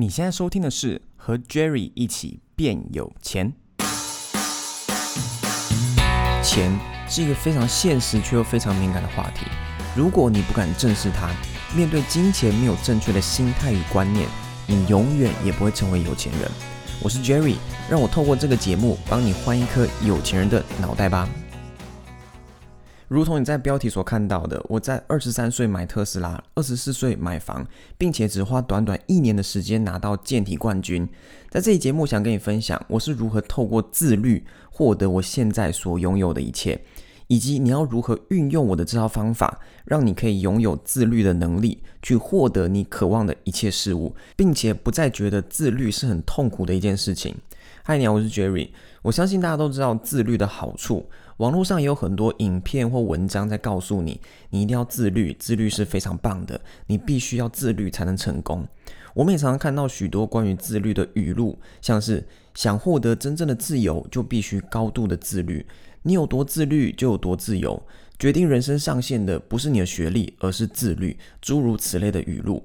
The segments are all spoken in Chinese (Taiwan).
你現在收聽的是《和 Jerry 一起變有錢》。錢是一個非常現實卻又非常敏感的話題。如果你不敢正視它，面對金錢沒有正確的心態與觀念，你永遠也不會成為有錢人。我是 Jerry，讓我透過這個節目幫你換一顆有錢人的腦袋吧。如同你在標題所看到的，我在二十三歲買特斯拉，二十四歲買房，並且只花短短一年的時間拿到健體冠軍。在這一節目，想跟你分享我是如何透過自律獲得我現在所擁有的一切，以及你要如何運用我的這套方法，讓你可以擁有自律的能力，去獲得你渴望的一切事物，並且不再覺得自律是很痛苦的一件事情。嗨，你好啊，我是 Jerry。我相信大家都知道自律的好處。網絡上也有很多影片或文章在告訴你，你一定要自律，自律是非常棒的，你必須要自律才能成功。我們也常常看到許多關於自律的語錄，像是想獲得真正的自由，就必須高度的自律，你有多自律就有多自由，決定人生上限的不是你的學歷，而是自律，諸如此類的語錄。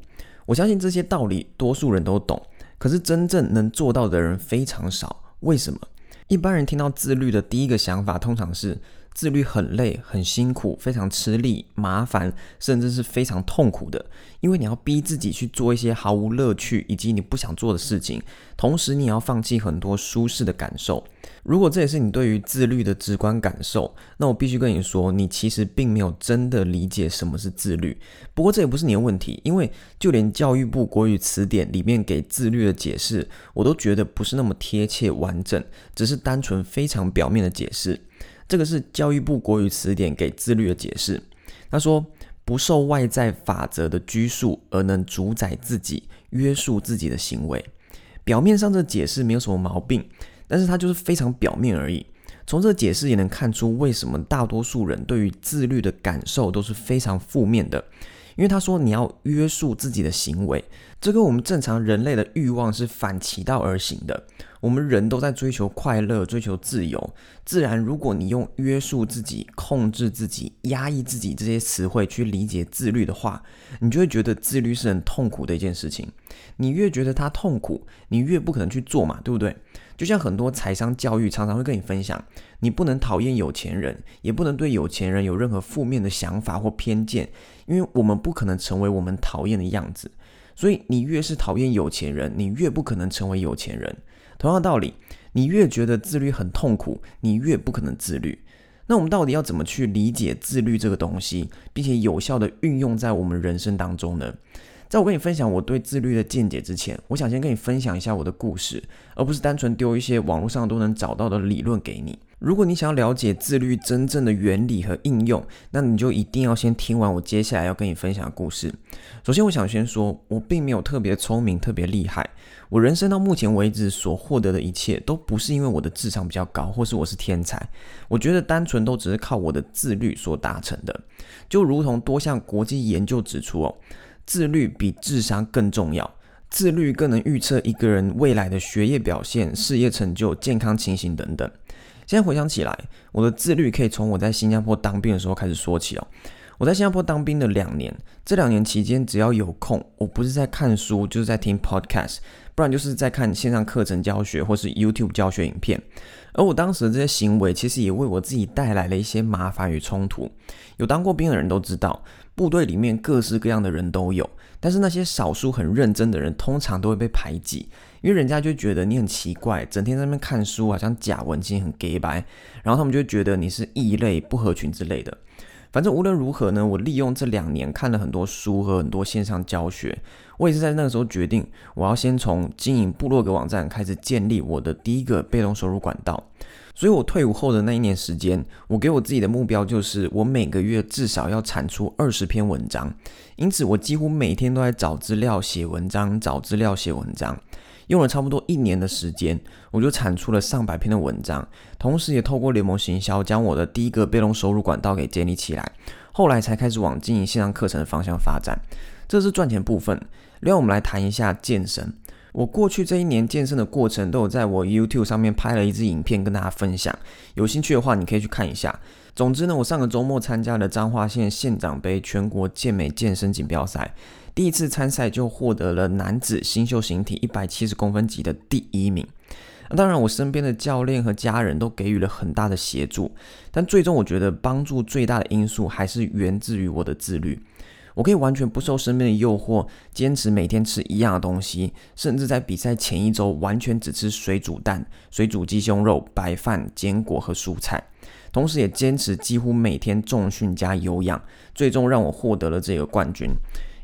我相信這些道理多數人都懂，可是真正能做到的人非常少，為什麼？一般人聽到自律的第一個想法，通常是。自律很累，很辛苦，非常吃力、麻煩，甚至是非常痛苦的。因為你要逼自己去做一些毫無樂趣以及你不想做的事情，同時你也要放棄很多舒適的感受。如果這也是你對於自律的直觀感受，那我必須跟你說，你其實並沒有真的理解什麼是自律。不過這也不是你的問題，因為就連教育部國語詞典裡面給自律的解釋，我都覺得不是那麼貼切完整，只是單純非常表面的解釋。這個是教育部國語詞典給自律的解釋。他說，不受外在法則的拘束，而能主宰自己、約束自己的行為。表面上這解釋沒有什麼毛病，但是它就是非常表面而已。從這解釋也能看出，為什麼大多數人對於自律的感受都是非常負面的。因為他說，你要約束自己的行為，這跟我們正常人類的欲望是反其道而行的。我們人都在追求快樂、追求自由，自然如果你用約束自己、控制自己、壓抑自己這些詞彙去理解自律的話，你就會覺得自律是很痛苦的一件事情。你越覺得它痛苦，你越不可能去做嘛，對不對？就像很多財商教育常常會跟你分享，你不能討厭有錢人，也不能對有錢人有任何負面的想法或偏見。因為我們不可能成為我們討厭的樣子，所以你越是討厭有錢人，你越不可能成為有錢人。同樣的道理，你越覺得自律很痛苦，你越不可能自律。那我們到底要怎麼去理解自律這個東西，並且有效地運用在我們人生當中呢？在我跟你分享我對自律的見解之前，我想先跟你分享一下我的故事，而不是單純丟一些網絡上都能找到的理論給你。如果你想要了解自律真正的原理和應用，那你就一定要先聽完我接下來要跟你分享的故事。首先，我想先說，我並沒有特別聰明、特別厲害。我人生到目前為止所獲得的一切，都不是因為我的智商比較高，或是我是天才。我覺得單純都只是靠我的自律所達成的。就如同多項國際研究指出哦。自律比智商更重要，自律更能預測一個人未來的學業表現、事業成就、健康情形等等。現在回想起來，我的自律可以從我在新加坡當兵的時候開始說起哦。我在新加坡當兵的兩年，這兩年期間，只要有空，我不是在看書，就是在聽 podcast，不然就是在看線上課程教學或是 YouTube 教學影片。而我當時的這些行為，其實也為我自己帶來了一些麻煩與衝突。有當過兵的人都知道。部隊裡面各式各樣的人都有，但是那些少數很認真的人通常都會被排擠，因為人家就覺得你很奇怪，整天在那邊看書，好像假文青很假掰，然後他們就會覺得你是異類不合群之類的。反正無論如何呢，我利用這兩年看了很多書和很多線上教學，我也是在那個時候決定，我要先從經營部落格網站開始建立我的第一個被動收入管道。所以，我退伍後的那一年時間，我給我自己的目標就是，我每個月至少要產出二十篇文章。因此，我幾乎每天都在找資料寫文章，找資料寫文章，用了差不多一年的時間，我就產出了上百篇的文章，同時也透過聯盟行銷將我的第一個被動收入管道給建立起來。後來才開始往經營線上課程的方向發展，這是賺錢部分。另外，我們來談一下健身。我過去這一年健身的過程，都有在我 YouTube 上面拍了一支影片跟大家分享。有興趣的話，你可以去看一下。總之呢，我上個週末參加了彰化縣縣長盃全國健美健身錦標賽，第一次參賽就獲得了男子新秀形體一百七十公分級的第一名。啊，當然，我身邊的教練和家人都給予了很大的協助，但最終我覺得幫助最大的因素還是源自於我的自律。我可以完全不受身邊的誘惑，堅持每天吃一樣東西，甚至在比賽前一周完全只吃水煮蛋、水煮雞胸肉、白飯、堅果和蔬菜，同時也堅持幾乎每天重訓加有氧，最終讓我獲得了這個冠軍。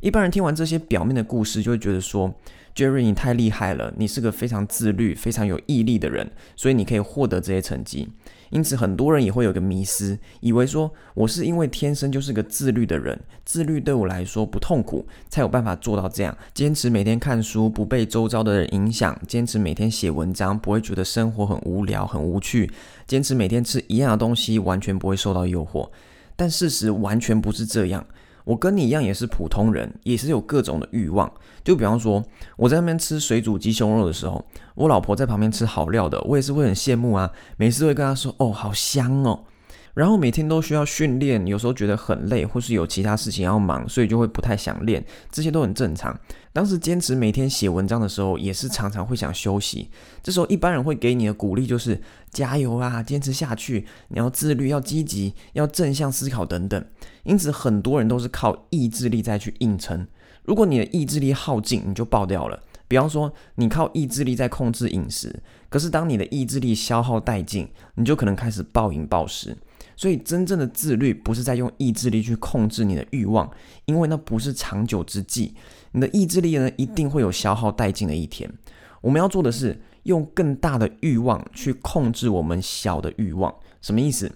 一般人聽完這些表面的故事，就會覺得說，Jerry 你太厲害了，你是個非常自律、非常有毅力的人，所以你可以獲得這些成績。因此，很多人也會有個迷思，以為說我是因為天生就是個自律的人，自律對我來說不痛苦，才有辦法做到這樣，堅持每天看書，不被周遭的人影響，堅持每天寫文章，不會覺得生活很無聊、很無趣，堅持每天吃一樣的東西，完全不會受到誘惑。但事實完全不是這樣。我跟你一樣也是普通人，也是有各種的慾望。就比方說，我在那邊吃水煮雞胸肉的時候，我老婆在旁邊吃好料的，我也是會很羨慕啊。每次都會跟她說：“哦，好香哦。”然後每天都需要訓練，有時候覺得很累，或是有其他事情要忙，所以就會不太想練，這些都很正常。當時堅持每天寫文章的時候，也是常常會想休息。這時候一般人會給你的鼓勵就是加油啊，堅持下去，你要自律，要積極，要正向思考等等。因此，很多人都是靠意志力再去硬撐。如果你的意志力耗盡，你就爆掉了。比方說，你靠意志力在控制飲食，可是當你的意志力消耗殆盡，你就可能開始暴飲暴食。所以，真正的自律不是在用意志力去控制你的欲望，因為那不是長久之計。你的意志力呢，一定會有消耗殆盡的一天。我們要做的是，用更大的欲望去控制我們小的欲望。什麼意思？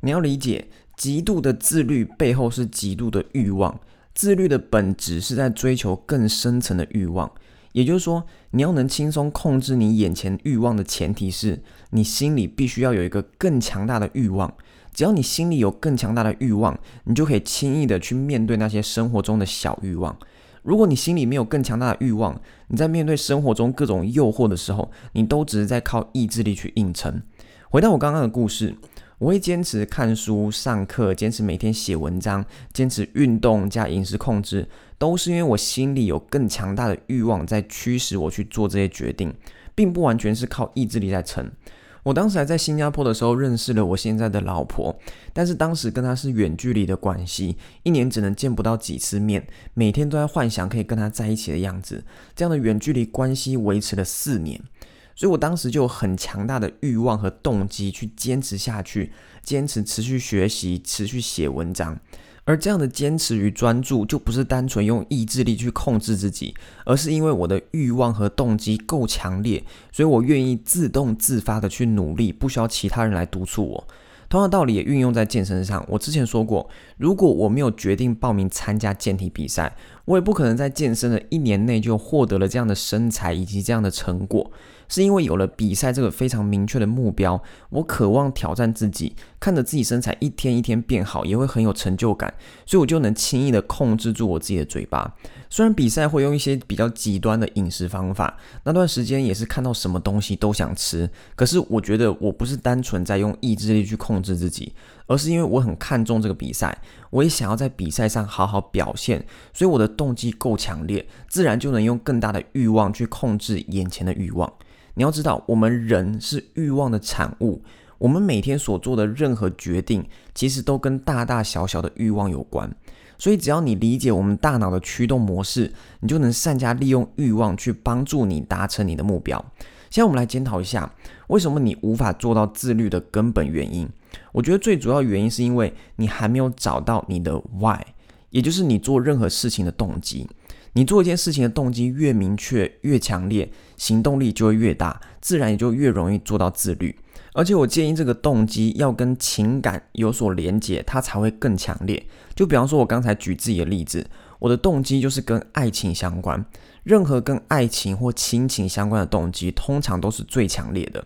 你要理解，極度的自律背後是極度的欲望。自律的本質是在追求更深層的欲望。也就是說，你要能輕鬆控制你眼前欲望的前提是你心裡必須要有一個更強大的欲望。只要你心裡有更強大的慾望，你就可以輕易的去面對那些生活中的小慾望。如果你心裡沒有更強大的慾望，你在面對生活中各種誘惑的時候，你都只是在靠意志力去硬撐。回到我剛剛的故事，我會堅持看書、上課，堅持每天寫文章，堅持運動加飲食控制，都是因為我心裡有更強大的慾望在驅使我去做這些決定，並不完全是靠意志力在撐。我當時還在新加坡的時候認識了我現在的老婆，但是當時跟她是遠距離的關係，一年只能見不到幾次面，每天都在幻想可以跟她在一起的樣子。這樣的遠距離關係維持了四年，所以我當時就有很強大的欲望和動機去堅持下去，堅持持續學習，持續寫文章。而這樣的堅持與專注，就不是單純用意志力去控制自己，而是因為我的欲望和動機夠強烈，所以我願意自動自發的去努力，不需要其他人來督促我。同樣道理也運用在健身上。我之前說過，如果我沒有決定報名參加健體比賽，我也不可能在健身的一年內就獲得了這樣的身材以及這樣的成果，是因為有了比賽這個非常明確的目標，我渴望挑戰自己，看着自己身材一天一天變好，也會很有成就感，所以我就能輕易的控制住我自己的嘴巴。雖然比賽會用一些比較極端的飲食方法，那段時間也是看到什麼東西都想吃，可是我覺得我不是單純在用意志力去控制自己。而是因為我很看重這個比賽，我也想要在比賽上好好表現，所以我的動機夠強烈，自然就能用更大的慾望去控制眼前的慾望。你要知道，我們人是慾望的產物，我們每天所做的任何決定，其實都跟大大小小的慾望有關。所以只要你理解我們大腦的驅動模式，你就能善加利用慾望去幫助你達成你的目標。現在我們來檢討一下，為什麼你無法做到自律的根本原因。我覺得最主要原因是因為你還沒有找到你的 why，也就是你做任何事情的動機。你做一件事情的動機越明確、越強烈，行動力就會越大，自然也就越容易做到自律。而且我建議，這個動機要跟情感有所連結，它才會更強烈。就比方說，我剛才舉自己的例子，我的動機就是跟愛情相關，任何跟愛情或親情相關的動機，通常都是最強烈的。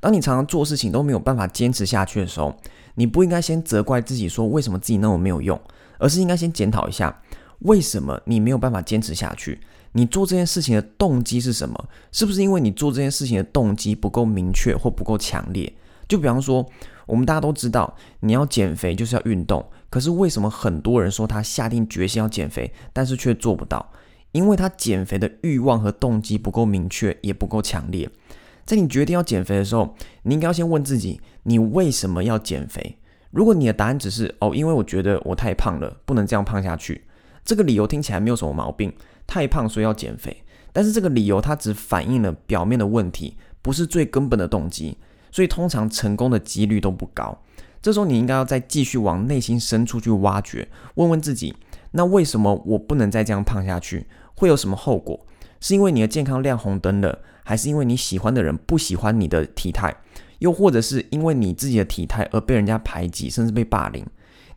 當你常常做事情都沒有辦法堅持下去的時候，你不應該先責怪自己說為什麼自己那麼沒有用，而是應該先檢討一下為什麼你沒有辦法堅持下去。你做這件事情的動機是什麼？是不是因為你做這件事情的動機不夠明確或不夠強烈？就比方說，我們大家都知道，你要減肥就是要運動，可是為什麼很多人說他下定決心要減肥，但是卻做不到？因為他減肥的慾望和動機不夠明確，也不夠強烈。在你決定要減肥的時候，你應該要先問自己：你為什麼要減肥？如果你的答案只是“哦，因為我覺得我太胖了，不能這樣胖下去”，這個理由聽起來沒有什麼毛病，太胖所以要減肥。但是這個理由它只反映了表面的問題，不是最根本的動機，所以通常成功的幾率都不高。這時候你應該要再繼續往內心深處去挖掘，問問自己：那為什麼我不能再這樣胖下去？會有什麼後果？是因為你的健康亮紅燈了，還是因為你喜歡的人不喜歡你的體態，又或者是因為你自己的體態而被人家排擠，甚至被霸凌？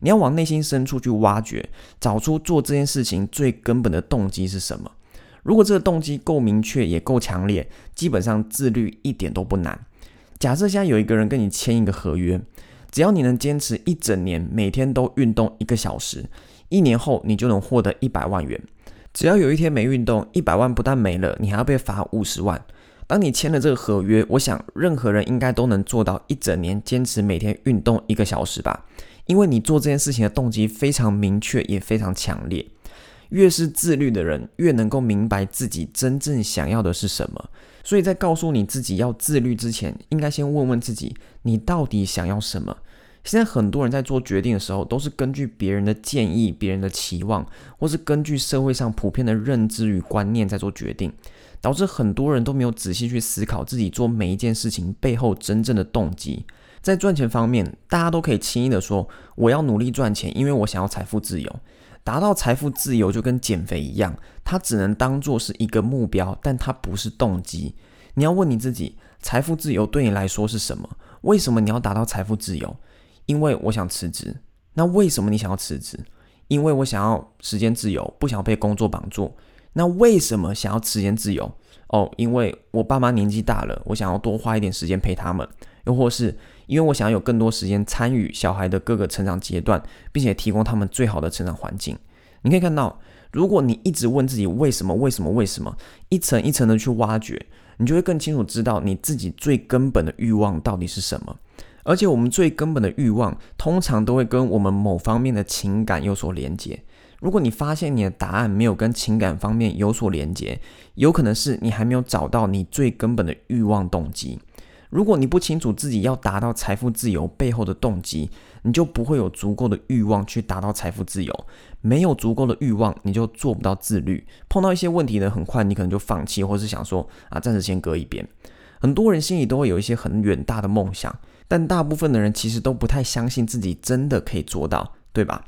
你要往內心深處去挖掘，找出做這件事情最根本的動機是什麼。如果這個動機夠明確，也夠強烈，基本上自律一點都不難。假設現在有一個人跟你簽一個合約，只要你能堅持一整年，每天都運動一個小時，一年後你就能獲得一百萬元。只要有一天沒運動，一百萬不但沒了，你還要被罰五十萬。當你簽了這個合約，我想任何人應該都能做到一整年堅持每天運動一個小時吧，因為你做這件事情的動機非常明確，也非常強烈。越是自律的人，越能夠明白自己真正想要的是什麼。所以在告訴你自己要自律之前，應該先問問自己，你到底想要什麼？現在很多人在做決定的時候，都是根據別人的建議、別人的期望，或是根據社會上普遍的認知與觀念在做決定，導致很多人都沒有仔細去思考自己做每一件事情背後真正的動機。在賺錢方面，大家都可以輕易地說：“我要努力賺錢，因為我想要財富自由。”達到財富自由就跟減肥一樣，它只能當做是一個目標，但它不是動機。你要問你自己：財富自由對你來說是什麼？為什麼你要達到財富自由？因為我想辭職，那為什麼你想要辭職？因為我想要時間自由，不想被工作綁住。那為什麼想要時間自由？哦，因為我爸媽年紀大了，我想要多花一點時間陪他們。又或是因為我想要有更多時間參與小孩的各個成長階段，並且提供他們最好的成長環境。你可以看到，如果你一直問自己為什麼，為什麼，為什麼，一層一層的去挖掘，你就會更清楚知道你自己最根本的慾望到底是什麼。而且，我們最根本的欲望通常都會跟我們某方面的情感有所連接。如果你發現你的答案沒有跟情感方面有所連接，有可能是你還沒有找到你最根本的欲望動機。如果你不清楚自己要達到財富自由背後的動機，你就不會有足夠的欲望去達到財富自由。沒有足夠的欲望，你就做不到自律。碰到一些問題呢，很快你可能就放棄，或是想說啊，暫時先擱一邊。很多人心裡都會有一些很遠大的夢想。但大部分的人其實都不太相信自己真的可以做到，對吧？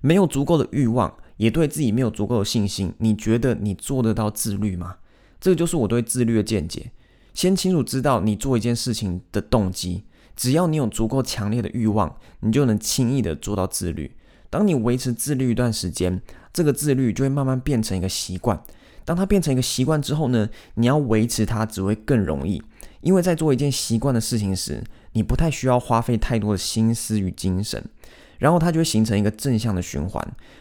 沒有足夠的欲望，也對自己沒有足夠的信心。你覺得你做得到自律嗎？這個就是我對自律的見解。先清楚知道你做一件事情的動機，只要你有足夠強烈的欲望，你就能輕易的做到自律。當你維持自律一段時間，這個自律就會慢慢變成一個習慣。當它變成一個習慣之後呢，你要維持它只會更容易，因為在做一件習慣的事情時，你不太需要花費太多的心思與精神，然後它就會形成一個正向的循環。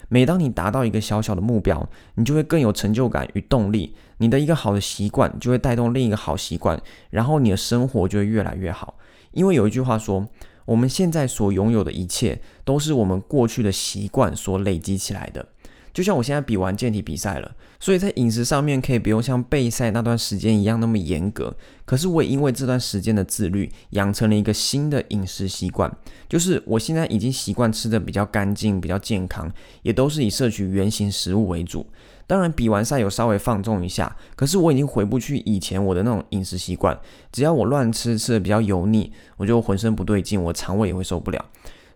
每當你達到一個小小的目標，你就會更有成就感與動力。你的一個好的習慣就會帶動另一個好習慣，然後你的生活就會越來越好。因為有一句話說，我們現在所擁有的一切，都是我們過去的習慣所累積起來的。就像我現在比完健體比賽了，所以在飲食上面可以不用像備賽那段時間一樣那麼嚴格。可是我也因為這段時間的自律，養成了一個新的飲食習慣，就是我現在已經習慣吃得比較乾淨、比較健康，也都是以攝取原型食物為主。當然，比完賽有稍微放縱一下，可是我已經回不去以前我的那種飲食習慣。只要我亂吃，吃得比較油膩，我就渾身不對勁，我腸胃也會受不了。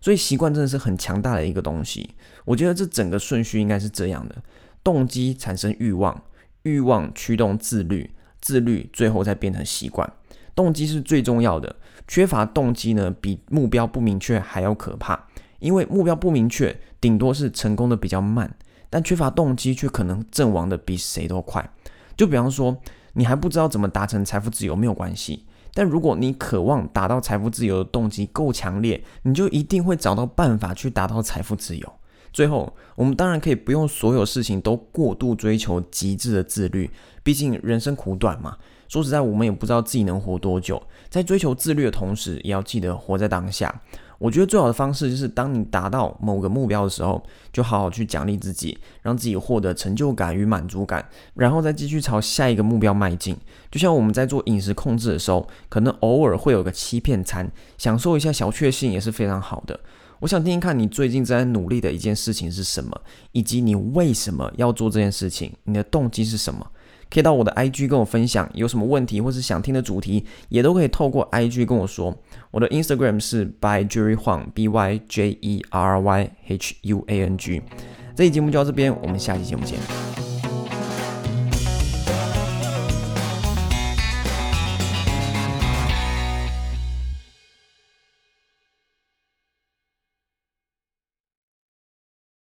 所以習慣真的是很強大的一個東西。我覺得這整個順序應該是這樣的：動機產生慾望，慾望驅動自律，自律最後再變成習慣。動機是最重要的。缺乏動機呢，比目標不明確還要可怕。因為目標不明確，頂多是成功的比較慢；但缺乏動機，卻可能陣亡的比誰都快。就比方說，你還不知道怎麼達成財富自由，沒有關係。但如果你渴望達到財富自由的動機夠強烈，你就一定會找到辦法去達到財富自由。最後，我們當然可以不用所有事情都過度追求極致的自律，畢竟人生苦短嘛。說實在，我們也不知道自己能活多久，在追求自律的同時，也要記得活在當下。我覺得最好的方式就是，當你達到某個目標的時候，就好好去獎勵自己，讓自己獲得成就感與滿足感，然後再繼續朝下一個目標邁進。就像我們在做飲食控制的時候，可能偶爾會有個欺騙餐，享受一下小確幸也是非常好的。我想聽聽看你最近正在努力的一件事情是什麼，以及你為什麼要做這件事情，你的動機是什麼？可以到我的 IG 跟我分享有什麼問題，或是想聽的主題，也都可以透過 IG 跟我說。我的 Instagram 是 byjerryhuang，b y j e r y h u a n g。這期節目就到這邊，我們下期節目見。